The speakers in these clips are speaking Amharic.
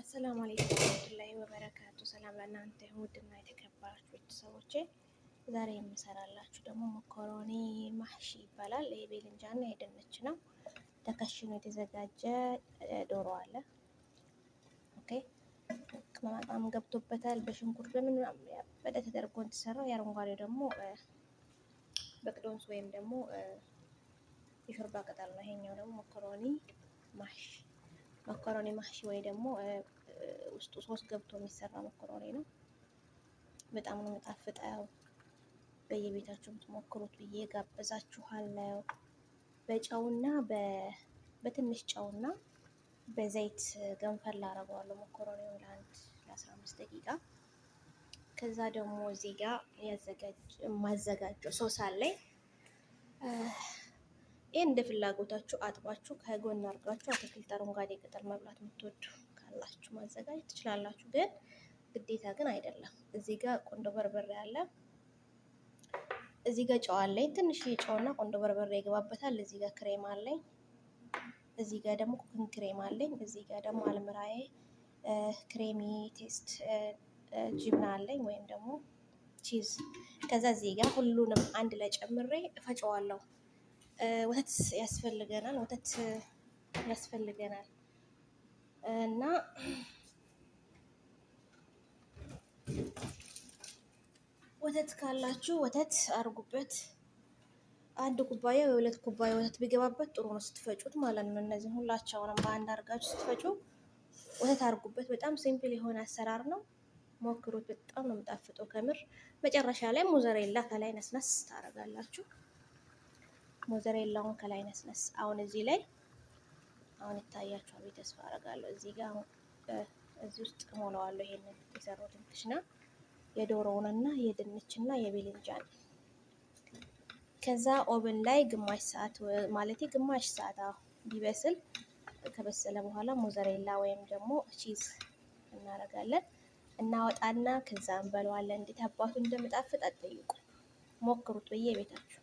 አሰላሙ አለይኩም ወረህመቱላሂ ወበረካቱ። ሰላም ለእናንተ ውድና የተከበራችሁ ቤተሰቦቼ፣ ዛሬ የምሰራላችሁ ደግሞ መኮሮኒ ማህሺ ይባላል። የቤልንጃና የድንች ነው። ተከሽኖ የተዘጋጀ ዶሮ አለ። ኦኬ ቅመማ ቅመም ገብቶበታል። በሽንኩርት በምን ያበደ ተደርጎ የተሰራው የአረንጓዴው ደግሞ በቅዶንስ ወይም ደግሞ የሾርባ ቅጠል ነው። ይሄኛው ደግሞ መኮሮኒ ማህሺ መኮረኒ ማህሺ ወይ ደግሞ ውስጡ ሶስት ገብቶ የሚሰራ መኮረኒ ነው። በጣም ነው የሚጣፍጠው። በየቤታችሁ የምትሞክሩት ብዬ ጋብዛችኋለሁ። በጨውና በትንሽ ጨውና በዘይት ገንፈል ላረገዋለሁ መኮረኒውን ለአንድ ለአስራ አምስት ደቂቃ ከዛ ደግሞ እዚህ ጋር የማዘጋጀው ሶስ አለኝ። ይህ እንደ ፍላጎታችሁ አጥባችሁ ከጎን አድርጋችሁ አትክልት አረንጓዴ ቅጠል መብላት የምትወዱ ካላችሁ ማዘጋጀት ትችላላችሁ። ግን ግዴታ ግን አይደለም። እዚህ ጋር ቆንዶ በርበሬ አለ። እዚህ ጋር ጨው አለኝ። ትንሽ ጨውና ቆንዶ በርበሬ ይገባበታል። እዚህ ጋር ክሬም አለኝ። እዚህ ጋር ደግሞ ኩኪንግ ክሬም አለኝ። እዚህ ጋር ደግሞ አልምራዬ ክሬሚ ቴስት ጅብና አለኝ ወይም ደግሞ ቺዝ። ከዛ እዚህ ጋር ሁሉንም አንድ ላይ ጨምሬ እፈጨዋለሁ። ወተት ያስፈልገናል። ወተት ያስፈልገናል እና ወተት ካላችሁ ወተት አድርጉበት። አንድ ኩባያ ወይ ሁለት ኩባያ ወተት ቢገባበት ጥሩ ነው፣ ስትፈጩት ማለት ነው። እነዚህ ሁላቸውንም በአንድ አድርጋችሁ ስትፈጩ ወተት አድርጉበት። በጣም ሲምፕል የሆነ አሰራር ነው፣ ሞክሩት። በጣም ነው የሚጣፍጠው ከምር። መጨረሻ ላይ ሙዘሬላ ከላይ ነስነስ ታደርጋላችሁ። ሞዘሬላውን ከላይ ነስነስ። አሁን እዚህ ላይ አሁን ይታያችኋል ብዬ ተስፋ አደርጋለሁ። እዚህ ጋር እዚህ ውስጥ ሞላዋለሁ። ይሄንን የሰራሁትን ትሽና የዶሮውንና የድንችና የቤልንጃን ከዛ ኦብን ላይ ግማሽ ሰዓት ማለት ግማሽ ሰዓት ቢበስል ከበሰለ በኋላ ሞዘሬላ ወይም ደግሞ ቺዝ እናደርጋለን። እናወጣና ከዛ እንበለዋለን። እንዴት አባቱ እንደምጣፍጥ አትጠይቁ፣ ሞክሩት በየቤታችሁ።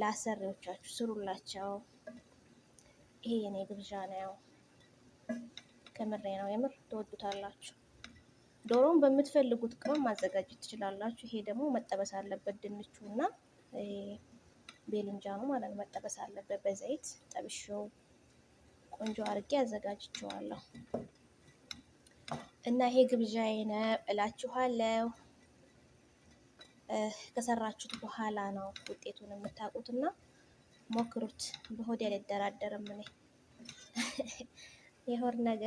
ለአሰሪዎቻችሁ ስሩላቸው። ይሄ የኔ ግብዣ ነው። ከምሬ ነው። የምር ትወዱታላችሁ። ዶሮውን በምትፈልጉት ቅመም ማዘጋጀት ትችላላችሁ። ይሄ ደግሞ መጠበስ አለበት ድንቹ እና ቤልንጃኑ ማለት ነው። መጠበስ አለበት በዘይት ጠብሼው ቆንጆ አድርጌ አዘጋጅቼዋለሁ እና ይሄ ግብዣዬ ነው እላችኋለሁ። ከሰራችሁት በኋላ ነው ውጤቱን የምታውቁት እና ሞክሩት። በሆድ ያልደራደርም እኔ የሆድ ነገር